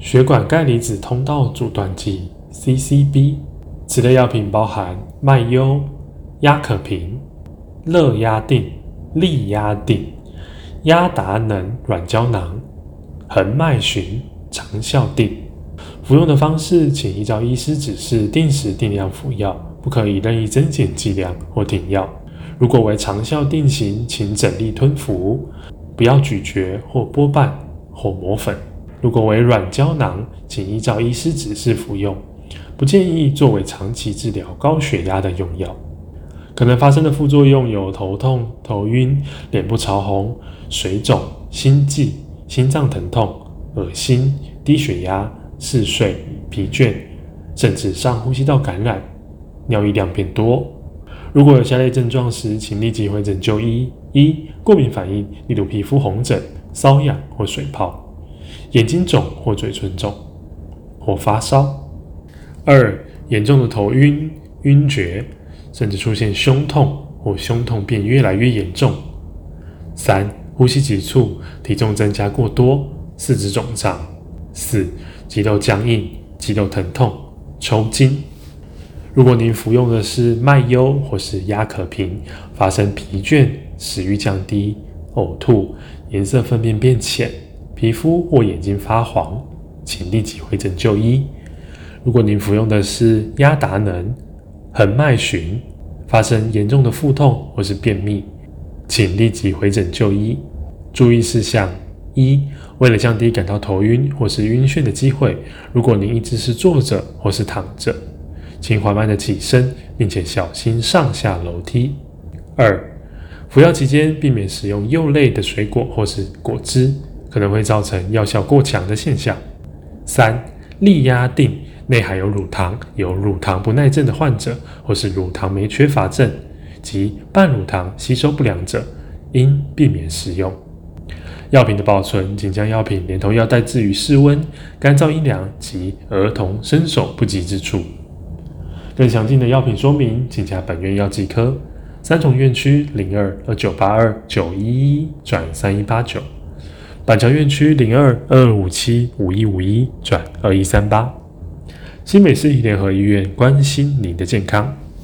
血管鈣離子通道阻斷劑 （CCB），此類藥品包含脈優、壓可平、樂壓定、利壓定、壓達能軟膠囊、恆脈循、長效定。服用的方式，請依照醫師指示，定時定量服藥，不可以任意增減劑量或停藥。如果為長效定型，請整粒吞服，不要咀嚼或剝瓣或磨粉。如果為軟膠囊，請依照醫師指示服用，不建議作為長期治療高血壓的用藥。可能發生的副作用有頭痛、頭暈、臉部潮紅、水腫、心悸、心臟疼痛、噁心、低血壓、嗜睡、疲倦，甚至上呼吸道感染、尿意量變多。如果有下列症狀時，請立即回診就醫：一、過敏反應，例如皮膚紅疹、瘙癢或水泡。眼睛腫或嘴唇腫，或發燒；二，嚴重的頭暈、暈厥，甚至出現胸痛或胸痛變越來越嚴重；三，呼吸急促、體重增加過多、四肢腫脹；四，肌肉僵硬、肌肉疼痛、抽筋。如果您服用的是脈優或是壓可平，發生疲倦、食欲降低、嘔吐、顏色糞便變淺。皮膚或眼睛發黃，請立即回診就醫。如果您服用的是壓達能恆脈循，發生嚴重的腹痛或是便秘，請立即回診就醫。注意事項：一、為了降低感到頭暈或是暈眩的機會，如果您一直是坐着或是躺着，請緩慢的起身，並且小心上下樓梯。二、服藥期間避免使用柚類的水果或是果汁。可能會造成藥效過強的現象。三力壓定內含有乳糖，有乳糖不耐症的患者或是乳糖酶缺乏症及半乳糖吸收不良者，應避免食用。藥品的保存，請將藥品連同藥袋置於室溫、乾燥、陰涼及兒童伸手不及之處。更詳盡的藥品說明，請洽本院藥劑科，三重院區零二二九八二九一一轉三一八九。板橋院區零二二二五七五一五一轉二一三八，新北市立聯合醫院，關心您的健康。